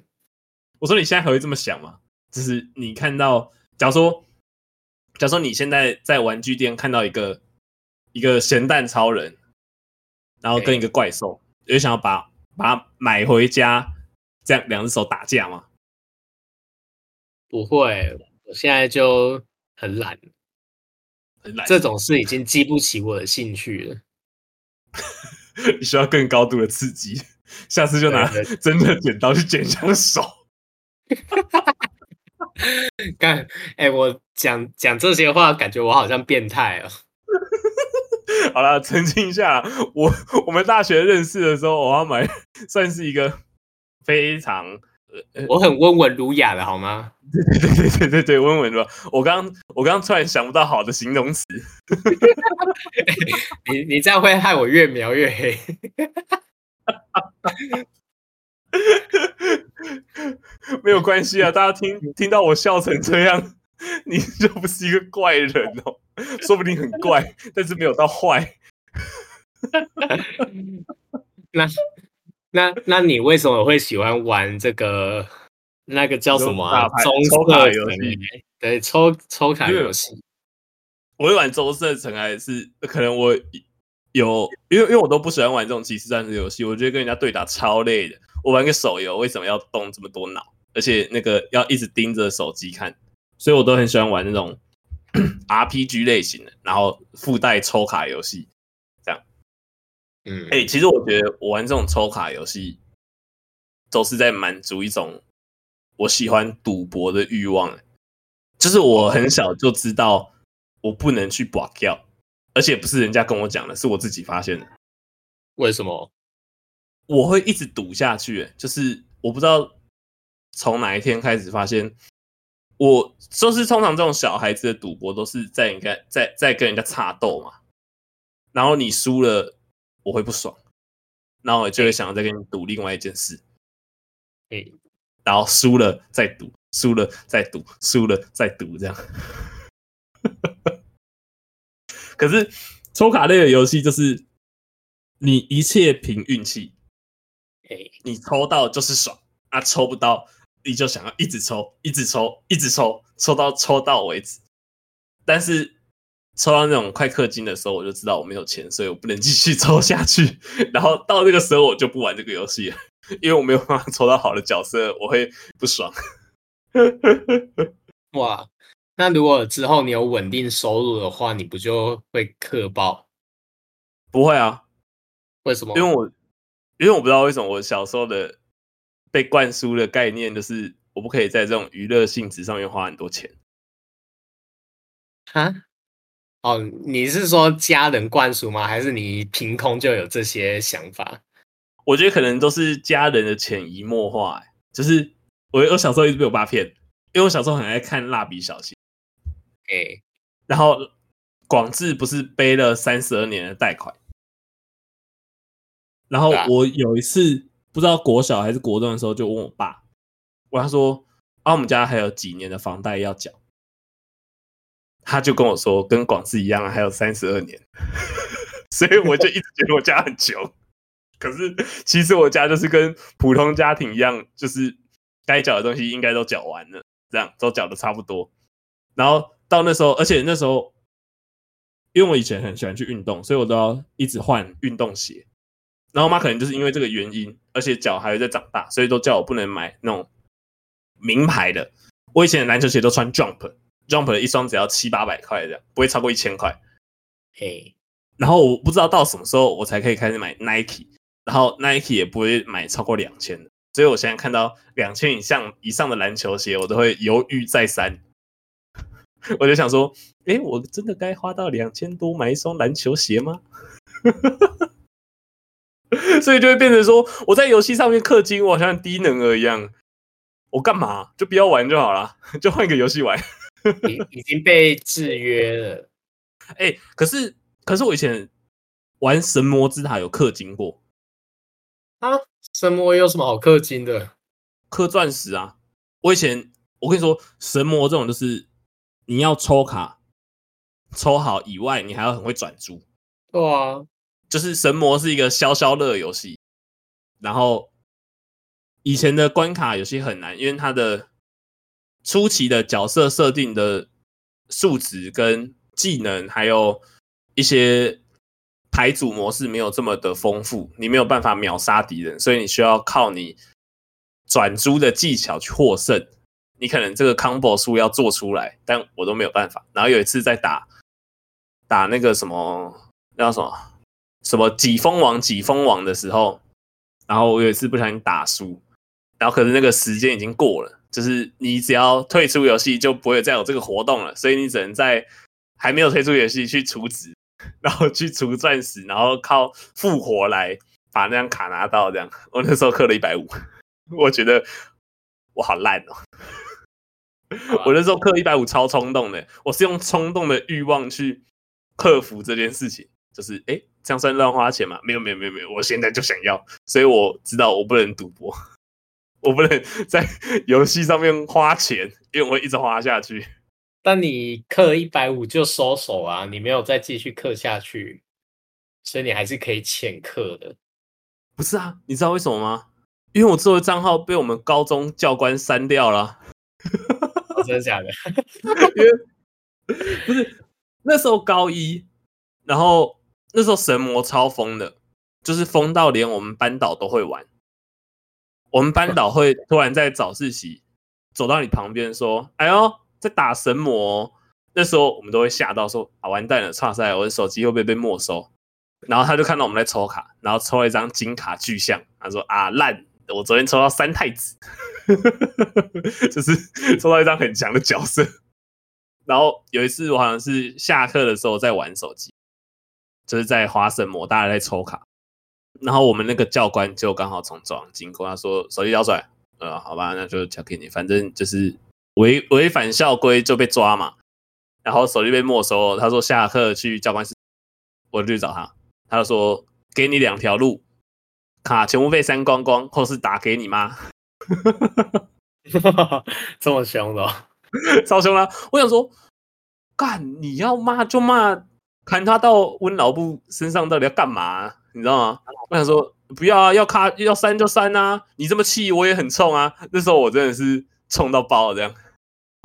我說你現在還會這麼想嗎？就是你看到，假如說，假如說你現在在玩具店看到一個一個鹹蛋超人。然後跟一個怪獸，也、欸、想要把把它買回家，這樣兩隻手打架嗎？不會，我現在就很懶，很懶。這種事已經激不起我的興趣了。 你需要更高度的刺激，下次就拿真的剪刀去剪一下手。幹，哎、 欸，我講講這些話，感覺我好像變態了。好了，澄清一下，我我們大學認識的時候，我要買算是一個非常，我很溫文儒雅的好嗎？對對對對對對，溫文儒雅。我剛我剛突然想不到好的形容詞。 你你這樣會害我越描越黑。 沒有關係啊，大家聽聽到我笑成這樣。你就不是一個怪人哦、喔，說不定很怪，但是沒有到壞。 那那那你為什麼會喜歡玩這個那個叫什麼、啊、抽卡遊戲？對，抽抽卡遊戲。我會玩棕色塵埃是可能我有，因為因為我都不喜歡玩這種即時戰略遊戲，我覺得跟人家對打超累的。我玩個手遊，為什麼要動這麼多腦？而且那個要一直盯着手機看。所以我都很喜歡玩那種 RPG 類型的，然後附帶抽卡遊戲，這樣。嗯，哎、欸，其實我覺得我玩這種抽卡遊戲，都是在滿足一種我喜歡賭博的慾望。就是我很小就知道我不能去 block 掉，而且不是人家跟我講的，是我自己發現的。為什麼？我會一直賭下去，就是我不知道從哪一天開始發現。我就是，通常這種小孩子的賭博都是在跟在在跟人家插斗嘛，然後你輸了，我會不爽，然後我就會想要再跟你賭另外一件事，哎，然後輸了再賭，輸了再賭，輸了再賭，這樣。可是抽卡類的遊戲就是你一切憑運氣，哎，你抽到就是爽，啊，抽不到。你就想要一直抽，一直抽，一直抽，抽到抽到為止。但是抽到那種快氪金的時候，我就知道我沒有錢，所以我不能繼續抽下去。然後到那個時候，我就不玩這個遊戲了，因為我沒有辦法抽到好的角色，我會不爽。哇，那如果之後你有穩定收入的話，你不就會氪爆？不會啊，為什麼？因為我因為我不知道為什麼我小時候的。被灌輸的概念就是我不可以在這種娛樂性質上面花很多錢。啊？哦，你是說家人灌輸嗎？還是你憑空就有這些想法？我覺得可能都是家人的潛移默化、欸。就是我我小時候一直被我爸騙，因為我小時候很愛看蠟筆小新。誒、欸，然後廣志不是背了三十二年的貸款？然後我有一次。啊不知道國小還是國中的時候，就問我爸，我跟他說啊，我們家還有幾年的房貸要繳，他就跟我說跟廣式一樣，還有三十二年， 所以我就一直覺得我家很窮。 可是其實我家就是跟普通家庭一樣，就是該繳的東西應該都繳完了，這樣都繳的差不多。然後到那時候，而且那時候，因為我以前很喜歡去運動，所以我都要一直換運動鞋。然後我媽可能就是因為這個原因，而且腳還會再長大，所以都叫我不能買那種名牌的。我以前的籃球鞋都穿 Jump，Jump Jump 的一雙只要七八百塊這樣，不會超過一千塊。哎，然後我不知道到什麼時候我才可以開始買 Nike，然後 Nike 也不會買超過兩千的。所以我現在看到兩千以上以上的籃球鞋，我都會猶豫再三。 我就想說，誒，我真的該花到兩千多買一雙籃球鞋嗎？ 所以就會變成說，我在遊戲上面氪金，我好像低能兒一樣，我幹嘛就不要玩就好了，就換一個遊戲玩。 已經被制約了，哎、欸，可是可是我以前玩神魔之塔有氪金過啊？神魔有什麼好氪金的？氪鑽石啊！我以前我跟你說，神魔這種就是你要抽卡抽好以外，你還要很會轉珠。對啊。就是神魔是一個消消樂遊戲，然後以前的關卡遊戲很難，因為它的初期的角色設定的數值跟技能，還有一些牌組模式沒有這麼的豐富，你沒有辦法秒殺敵人，所以你需要靠你轉珠的技巧去獲勝。你可能這個 combo 數要做出來，但我都沒有辦法。然後有一次在打打那個什麼，那叫什麼？什麼擠封王，擠封王的時候，然後我有一次不小心打輸，然後可是那個時間已經過了，就是你只要退出遊戲就不會再有這個活動了，所以你只能在還沒有退出遊戲去儲值，然後去儲鑽石，然後靠復活來把那張卡拿到。這樣，我那時候氪了一百五，我覺得我好爛哦， 我那時候氪一百五超衝動的，我是用衝動的慾望去克服這件事情，就是誒這樣算亂花錢嗎？沒有，沒有，沒有，沒有，我現在就想要，所以我知道我不能賭博，我不能在遊戲上面花錢，因為我會一直花下去。但你氪一百五就收手啊，你沒有再繼續氪下去，所以你還是可以淺氪的。不是啊，你知道為什麼嗎？因為我做的賬號被我們高中教官刪掉了、 哦。真的假的？ 因為不是那時候高一，然後。那時候神魔超瘋的，就是瘋到連我們班導都會玩。我們班導會突然在早自習走到你旁邊說：“哎呦，在打神魔哦。”那時候我們都會嚇到說：“啊，完蛋了，差賽！我的手機會不會被沒收？”然後他就看到我們在抽卡，然後抽了一張金卡巨像，他說：“啊爛，我昨天抽到三太子， 就是抽到一張很強的角色。”然後有一次我好像是下課的時候在玩手機。就是在華晨模，大家在抽卡，然後我們那個教官就剛好從走廊經過，他說：“手機交出來，呃，好吧，那就交給你，反正就是違違反校規就被抓嘛，然後手機被沒收。”他說：“下課去教官室，我就去找他。”他說：“給你兩條路，卡全部被刪光光，或是打給你媽。”這麼凶兇的啊， 超凶啦，我想說，幹你要罵就罵。砍他到溫老布身上到底要幹嘛啊？你知道嗎？我想說不要啊，要卡要刪就刪啊！你這麼氣我也很衝啊！那時候我真的是衝到爆了，這樣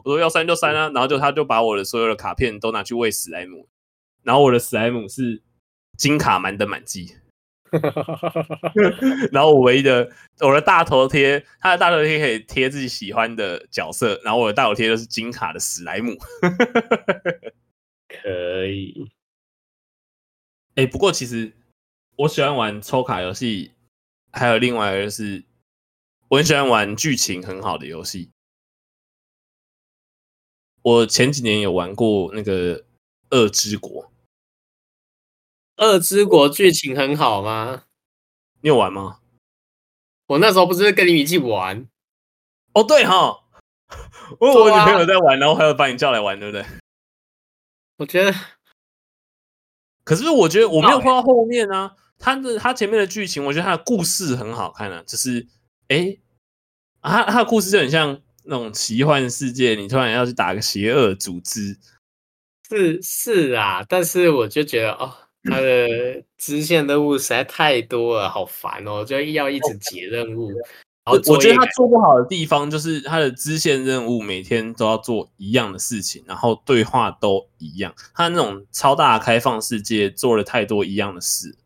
我說要刪就刪啊！然後就他就把我的所有的卡片都拿去餵史萊姆，然後我的史萊姆是金卡滿等滿級， 然後我唯一的我的大頭貼，他的大頭貼可以貼自己喜歡的角色，然後我的大頭貼都是金卡的史萊姆， 可以。哎、欸，不過其實我喜歡玩抽卡遊戲，還有另外一個是我很喜歡玩劇情很好的遊戲。我前幾年有玩過那個《二之國》。二之國劇情很好嗎？你有玩嗎？我那時候不是跟你一起玩？哦，對哈， 我我女、啊、朋友在玩，然後還要把你叫來玩，對不對？我覺得。可是我覺得我沒有看到後面啊，他的他前面的劇情，我覺得他的故事很好看啊，就是哎，他、欸啊、他的故事就很像那種奇幻世界，你突然要去打個邪惡組織，是是啊，但是我就覺得哦，他的支線任務實在太多了，好煩哦，就要一直解任務。 我、哦、我覺得他做不好的地方就是他的支線任務每天都要做一樣的事情，然後對話都一樣。他那種超大的開放世界做了太多一樣的事，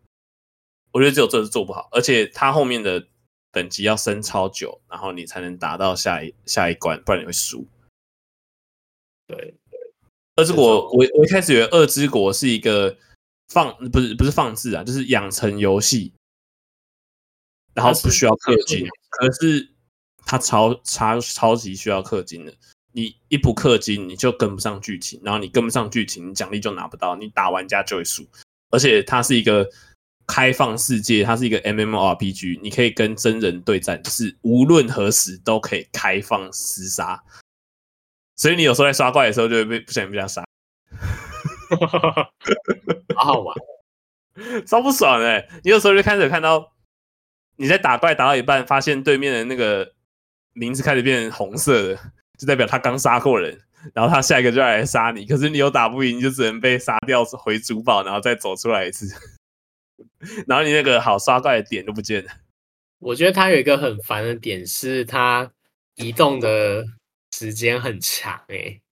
我覺得只有這是做不好。而且他後面的等級要升超久，然後你才能達到下一下一關，不然你會輸。對對。二之國，我我一開始以為二之國是一個放，不是不是放置啊，就是養成遊戲。然後不需要氪金他，可是它超超超級需要氪金的。你一不氪金，你就跟不上劇情，然後你跟不上劇情，你獎勵就拿不到，你打玩家就會輸。而且它是一個開放世界，它是一個 MMORPG，你可以跟真人對戰，就是無論何時都可以開放廝殺。所以你有時候在刷怪的時候就會被不小心被他殺， 好好玩，超不爽哎、欸！你有時候就看着看到。你在打怪打到一半，發現對面的那個名字開始變成紅色的，就代表他剛殺過人，然後他下一個就要來殺你。可是你又打不贏，你就只能被殺掉回主堡，然後再走出來一次， 然後你那個好刷怪的點都不見了。我覺得他有一個很煩的點是，他移動的時間很長、欸，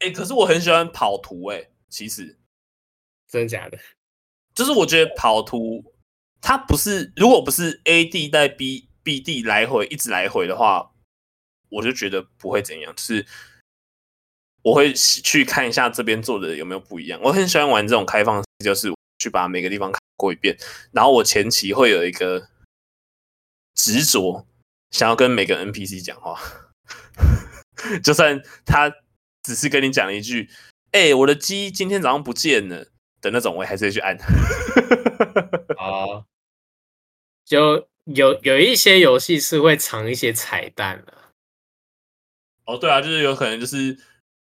哎，哎，可是我很喜歡跑圖、欸，哎，其實真的假的，就是我覺得跑圖。它不是，如果不是 A D 帶 B B D 來回一直來回的話，我就覺得不會怎樣。就是，我會去看一下這邊做的有沒有不一樣。我很喜歡玩這種開放，就是去把每個地方看過一遍。然後我前期會有一個執着，想要跟每個 N P C 講話， 就算他只是跟你講一句“哎、欸，我的雞今天早上不見了”的那種，我也還是會去按。 啊。就有有一些遊戲是會藏一些彩蛋的，哦，對啊，就是有可能就是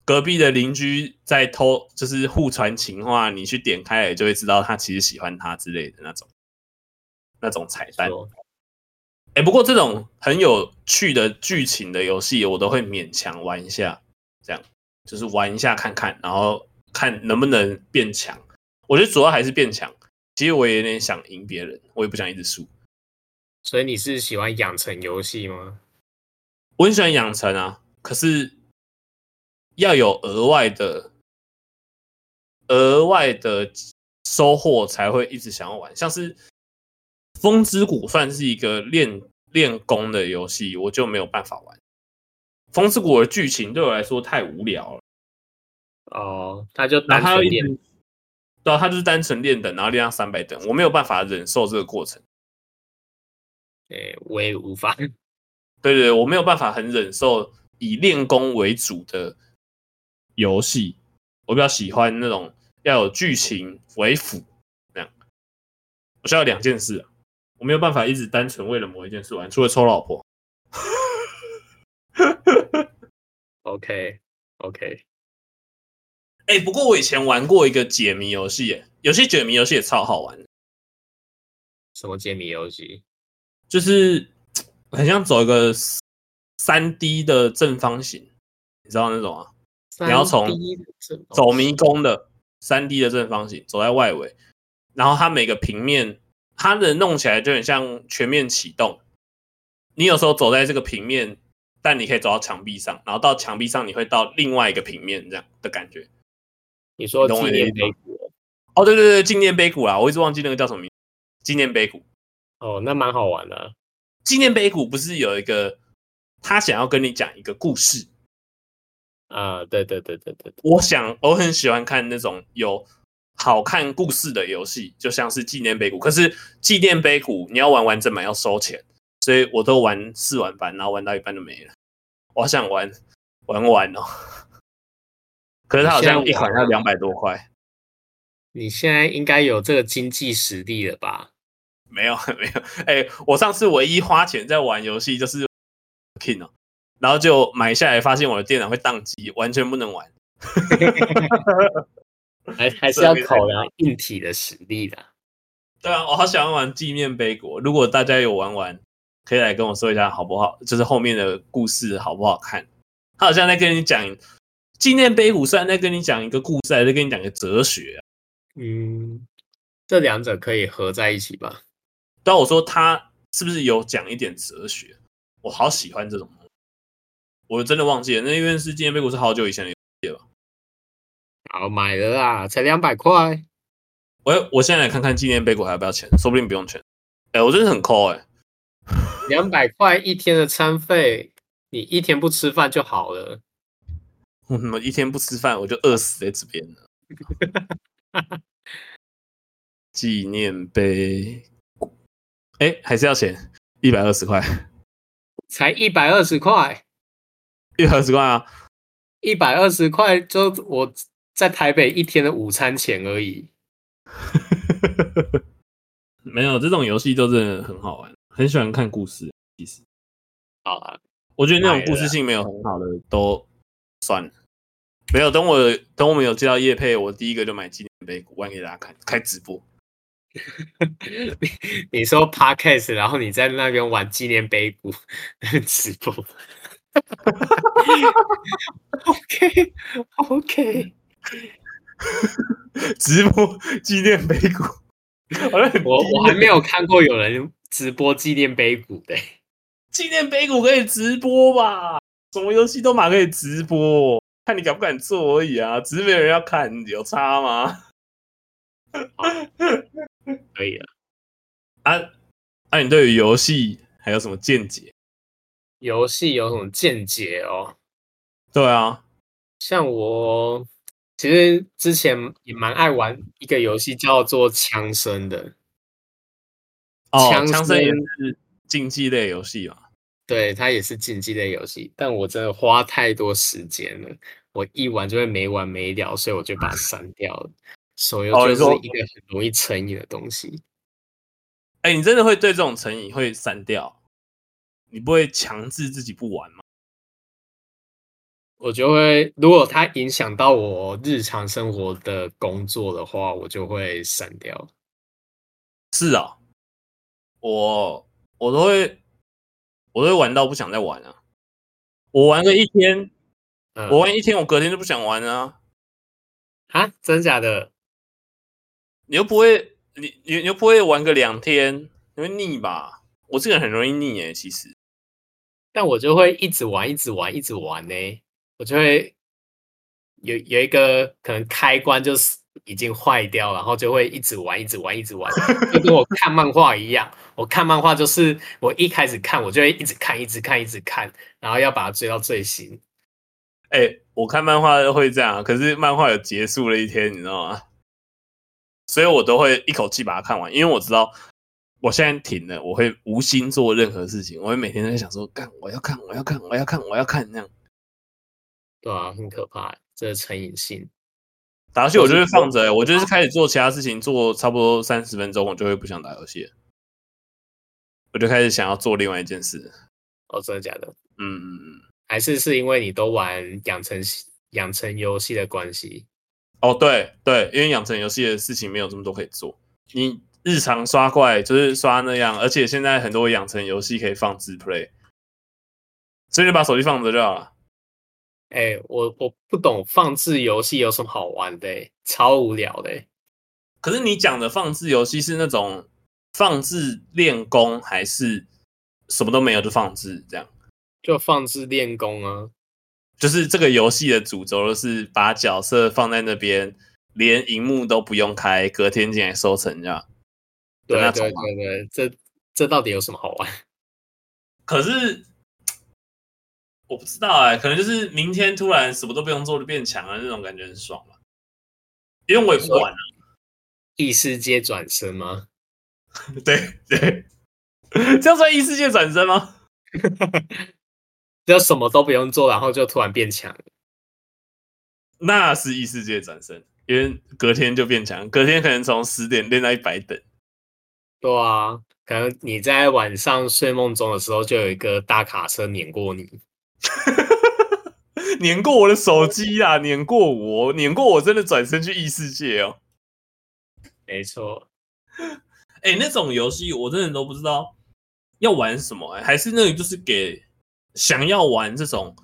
隔壁的鄰居在偷，就是互傳情話，你去點開來就會知道他其實喜歡他之類的那種那種彩蛋。哎、欸，不過這種很有趣的劇情的遊戲，我都會勉強玩一下，這樣就是玩一下看看，然後看能不能變強。我覺得主要還是變強，其實我也有點想贏別人，我也不想一直輸。所以你是喜歡養成遊戲嗎？我很喜歡養成啊，可是要有額外的、額外的收穫才會一直想要玩。像是《楓之谷》算是一個練練功的遊戲，我就沒有辦法玩。《楓之谷》的劇情對我來說太無聊了。哦，他就單純練、啊他。對啊，他就是單純練等，然後練到三百等，我沒有辦法忍受這個過程。哎、欸，我也無法。對對對，我沒有辦法很忍受以練功為主的遊戲。我比較喜歡那種要有劇情為輔那樣。我需要兩件事啊，我沒有辦法一直單純為了某一件事玩，除了抽老婆。 OK OK、欸。哎，不過我以前玩過一個解謎遊戲，有些解謎遊戲也超好玩。什麼解謎遊戲？就是很像走一個三 D 的正方形，你知道那種啊？你要從走迷宮的三 D 的正方形，走在外圍，然後它每個平面，它的弄起來就很像全面啟動。你有時候走在這個平面，但你可以走到牆壁上，然後到牆壁上你會到另外一個平面，這樣的感覺。你說紀念碑谷？哦，對對對，紀念碑谷啊，我一直忘記那個叫什麼名，紀念碑谷。哦，那蠻好玩的啊。紀念碑谷不是有一個他想要跟你講一個故事啊？對對對對對對。我想我很喜歡看那種有好看故事的遊戲，就像是紀念碑谷。可是紀念碑谷你要玩完整版要收錢，所以我都玩試玩版，然後玩到一半就沒了。我想玩玩玩哦。 可是他好像一款要兩百多塊。你現在應該有這個經濟實力了吧？沒有沒有、欸，我上次唯一花錢在玩遊戲就是 King，然後就買下來，發現我的電腦會宕機，完全不能玩。還 還是要考量硬體的實力的、啊。對啊，我好喜歡玩《紀念碑谷》，如果大家有玩完，可以來跟我說一下好不好？就是後面的故事好不好看？他好像在跟你講《紀念碑谷》，算在跟你講一個故事，還是跟你講一個哲學、啊？嗯，這兩者可以合在一起吧？但我說他是不是有講一點哲學？我好喜歡這種，我真的忘記了。那因為是紀念碑谷是好久以前的了。好買了啦，才兩百塊。我我現在來看看紀念碑谷還要不要錢，說不定不用錢。哎、欸，我真的很摳哎、欸。兩百塊一天的餐費， 你一天不吃飯就好了。我 麼一天不吃飯我就餓死在這邊了？紀 念碑。誒、欸，還是要錢，一百二十塊，才一百二十塊，一百二十塊啊！一百二十塊，就我在台北一天的午餐錢而已。 沒有這種遊戲都是很好玩，很喜歡看故事。其實，好玩我覺得那種故事性沒有很好的都算了。沒有，等我等我們有接到業配，我第一個就買紀念碑谷玩給大家看，開直播。 你，你說 podcast 然後你在那邊玩紀念碑谷直播 ，OK OK， 直播紀念碑谷，我我還沒有看過有人直播紀念碑谷的。紀念碑谷可以直播吧？什麼遊戲都嘛可以直播，看你敢不敢做而已啊！只是沒有人要看，有差嗎？ 可以了啊啊！啊你對於遊戲還有什麼見解？遊戲有什麼見解哦？對啊，像我其實之前也蠻愛玩一個遊戲叫做《槍聲》的。哦，槍聲，槍聲也是競技類遊戲啊？對，它也是競技類遊戲，但我真的花太多時間了，我一玩就會沒完沒了，所以我就把它刪掉了。 手遊就是一個很容易成癮的東西、哦。哎、欸，你真的會對這種成癮會刪掉？你不會強制自己不玩嗎？我就會，如果它影響到我日常生活的工作的話，我就會刪掉。是啊、喔，我我都會，我都會玩到不想再玩了、啊。我玩個一天、嗯，我玩一天，我隔天就不想玩了、啊。啊？真假的？你又不會，你你又不會玩個兩天，你會膩吧？我這個人很容易膩欸，其實，但我就會一直玩，一直玩，一直玩呢。我就會有有一個可能開關就是已經壞掉，然後就會一直玩，一直玩，一直玩，就跟我看漫畫一樣。我看漫畫就是我一開始看，我就會一直看，一直看，一直看，然後要把它追到最新。欸，我看漫畫會這樣，可是漫畫有結束了一天，你知道嗎？所以，我都會一口氣把它看完，因為我知道我現在停了，我會無心做任何事情。我會每天都在想說，幹，我要看，我要看，我要看，我要看，那樣。對啊，很可怕，這是成癮性。打遊戲我就會放着、就是，我就是開始做其他事情，啊、做差不多三十分鐘，我就會不想打遊戲了，我就開始想要做另外一件事。哦，真的假的？嗯嗯嗯，還是是因為你都玩養成養成遊戲的關係。哦、oh,，對對，因為養成遊戲的事情沒有這麼多可以做，你日常刷怪就是刷那樣，而且現在很多養成遊戲可以放置 play，所以就把手機放著就好了。哎、欸，我我不懂放置遊戲有什麼好玩的、欸，超無聊的、欸。可是你講的放置遊戲是那種放置練功，還是什麼都沒有就放置這樣？就放置練功啊。就是這個遊戲的主軸，就是把角色放在那邊，連熒幕都不用開，隔天進來收成，這樣道嗎？對，對對對對，這這到底有什麼好玩？可是我不知道哎、欸，可能就是明天突然什麼都不用做就變強了，那種感覺很爽嘛。因為我也不玩啊。異世界轉生嗎？對 對，對 這樣算異世界轉生嗎？ 就什麼都不用做，然後就突然變強。那是異世界轉生，因為隔天就變強，隔天可能從十點練到一百等。對啊，可能你在晚上睡夢中的時候，就有一個大卡車碾過你，碾 過我的手機啊，碾過我，碾過我真的轉生去異世界哦、喔。沒錯，哎、欸，那種遊戲我真的都不知道要玩什麼、欸，還是那裡就是給。想要玩這種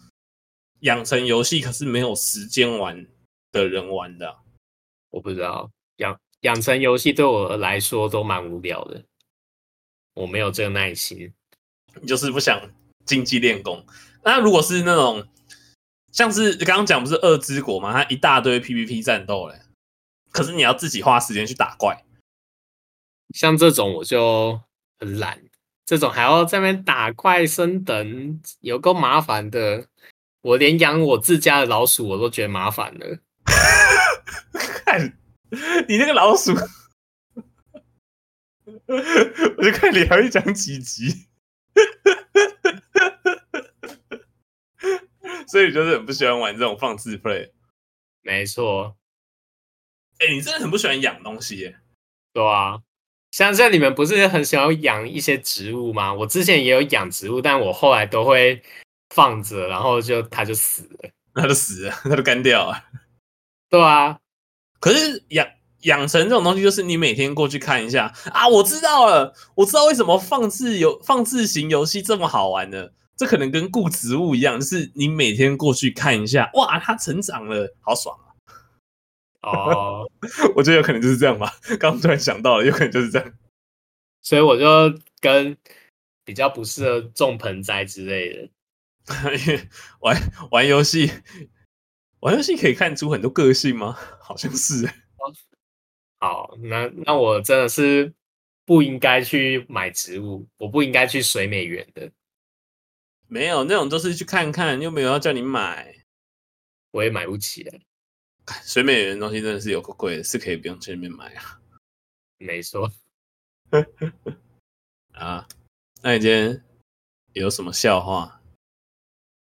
養成遊戲，可是沒有時間玩的人玩的、啊，我不知道養養成遊戲對我來說都蠻無聊的，我沒有這個耐心，你就是不想競技練功。那如果是那種像是剛剛講不是二之國嗎？它一大堆 PVP 戰鬥嘞、欸，可是你要自己花時間去打怪，像這種我就很懶。這種還要在那邊打怪升等，有夠麻煩的。我連養我自家的老鼠，我都覺得麻煩了。 看你那個老鼠。 我就看你還會講幾集。 所以你就是很不喜歡玩這種放置 play。沒錯。哎、欸，你真的很不喜歡養東西耶。對啊。像這你們不是很喜歡養一些植物嗎？我之前也有養植物，但我後來都會放着，然後就它就死了，它就死了，它就乾掉了。對啊，可是養養成這種東西，就是你每天過去看一下啊。我知道了，我知道為什麼放置遊放置型遊戲這麼好玩呢？這可能跟顧植物一樣，就是你每天過去看一下，哇，它成長了，好爽。哦、oh.，我覺得有可能就是這樣吧。剛剛突然想到了，有可能就是這樣。所以我就跟比較不適合種盆栽之類的。 玩玩遊戲，玩遊戲可以看出很多個性嗎？好像是。好、oh.，那那我真的是不應該去買植物，我不應該去水美園的。沒有，那種都是去看看，又沒有要叫你買，我也買不起水美園東西真的是有夠貴，是可以不用去那邊買啊。沒錯。 啊，那你今天有什麼笑話？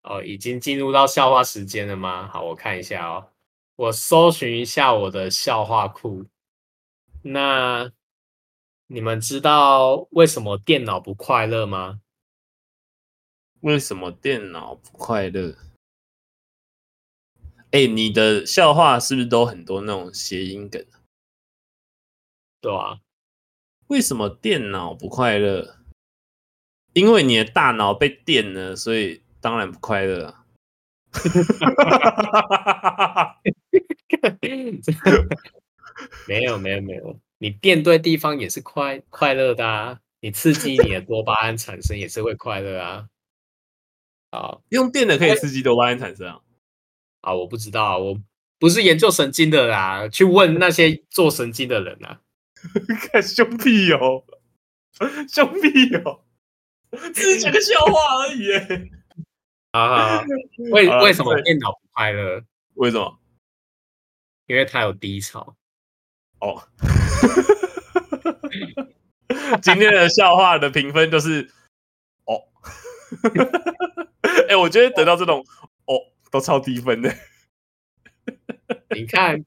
哦，已經進入到笑話時間了嗎？好，我看一下哦，我搜尋一下我的笑話庫。那你們知道為什麼電腦不快樂嗎？為什麼電腦不快樂？哎、欸，你的笑話是不是都很多那種諧音梗？對啊。為什麼電腦不快樂？因為你的大腦被電了，所以當然不快樂啊。哈哈哈哈哈哈哈哈哈哈！沒有沒有沒有，你電對地方也是快快樂的啊！你刺激你的多巴胺產生也是會快樂啊。啊，用電的可以刺激多巴胺產生啊。 欸啊，我不知道，我不是研究神經的啦，去問那些做神經的人啦、啊，看 兄弟喲、哦、兄弟喲、哦、只是這個笑話而已啊。啊，為為什麼電腦不快樂？為什麼？因為它有低潮。哦。 今天的笑話的評分就是，哦。哎、 欸，我覺得得到這種。都超低分的， 你看，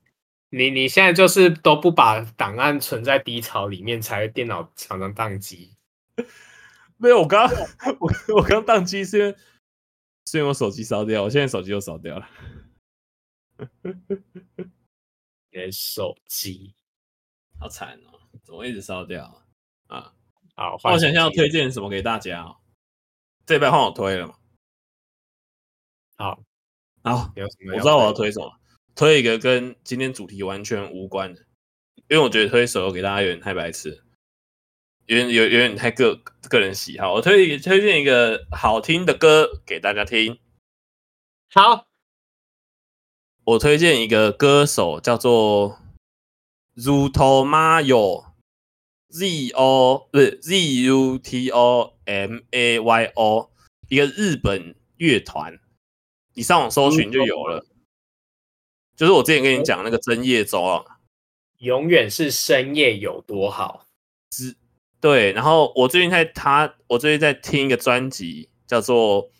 你你現在就是都不把檔案存在低槽裡面，才電腦常常當機。沒有，我剛、哦、我我剛當機是因為，是因為我手機燒掉，我現在手機又燒掉了。 給手機，好慘哦，怎麼一直燒掉啊？啊好好，我想一下要推薦什麼給大家、哦，這邊換我推了嘛？好。好，我知道我要推什麼，推一個跟今天主題完全無關的，因為我覺得推手遊給大家有點太白痴，有點有有,有點太個個人喜好。我推推薦一個好聽的歌給大家聽。好，我推薦一個歌手叫做 ZUTOMAYO Z O 不是 Z U T O M A Y O，一個日本樂團。你上網搜尋就有了，就是我之前跟你講那個真夜舟啊，永遠是深夜有多好之對。然後我最近在他，我最近在聽一個專輯叫做《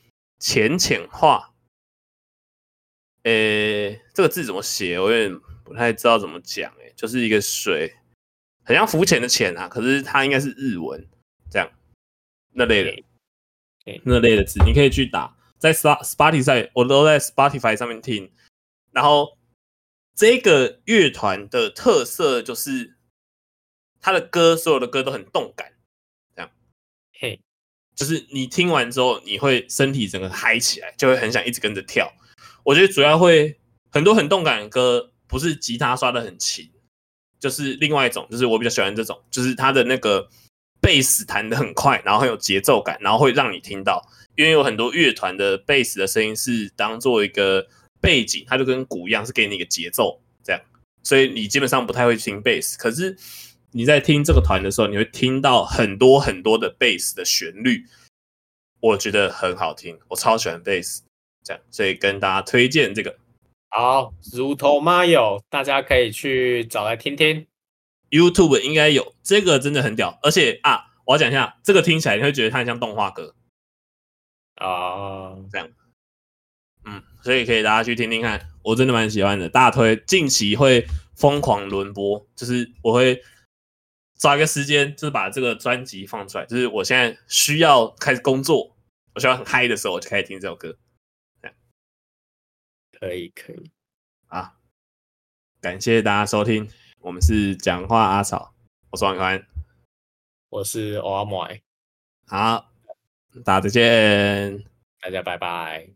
潛潛話》。呃，這個字怎麼寫？我有點不太知道怎麼講。哎，就是一個水，很像浮潛的潛啊。可是它應該是日文這樣那類的，那類的字，你可以去打。在 Sp Spot Spotify 我都在 Spotify 上面聽。然後這個樂團的特色就是他的歌，所有的歌都很動感，這樣。嘿、hey，就是你聽完之後，你會身體整個嗨起來，就會很想一直跟着跳。我覺得主要會很多很動感的歌，不是吉他刷的很勤，就是另外一種，就是我比較喜歡這種，就是他的那個貝斯彈的很快，然後很有節奏感，然後會讓你聽到。因為有很多樂團的貝斯的聲音是當做一個背景，它就跟鼓一樣，是給你一個節奏，這樣。所以你基本上不太會聽貝斯，可是你在聽這個團的時候，你會聽到很多很多的貝斯的旋律，我覺得很好聽，我超喜歡貝斯，這樣。所以跟大家推薦這個，好，如頭 m 有，大家可以去找來聽聽，YouTube 應該有，這個真的很屌。而且啊，我要講一下，這個聽起來你會覺得它很像動畫歌。啊、uh，這樣，嗯，所以可以大家去聽聽看，我真的蠻喜歡的。大推，近期會瘋狂輪播，就是我會抓一個時間，就是把這個專輯放出來。就是我現在需要開始工作，我需要很嗨的時候，我就開始聽這首歌。這樣。可以可以，啊，感謝大家收聽，我們是講話阿草，我是王寬，我是歐阿莫埃，好。大家再見，大家拜拜。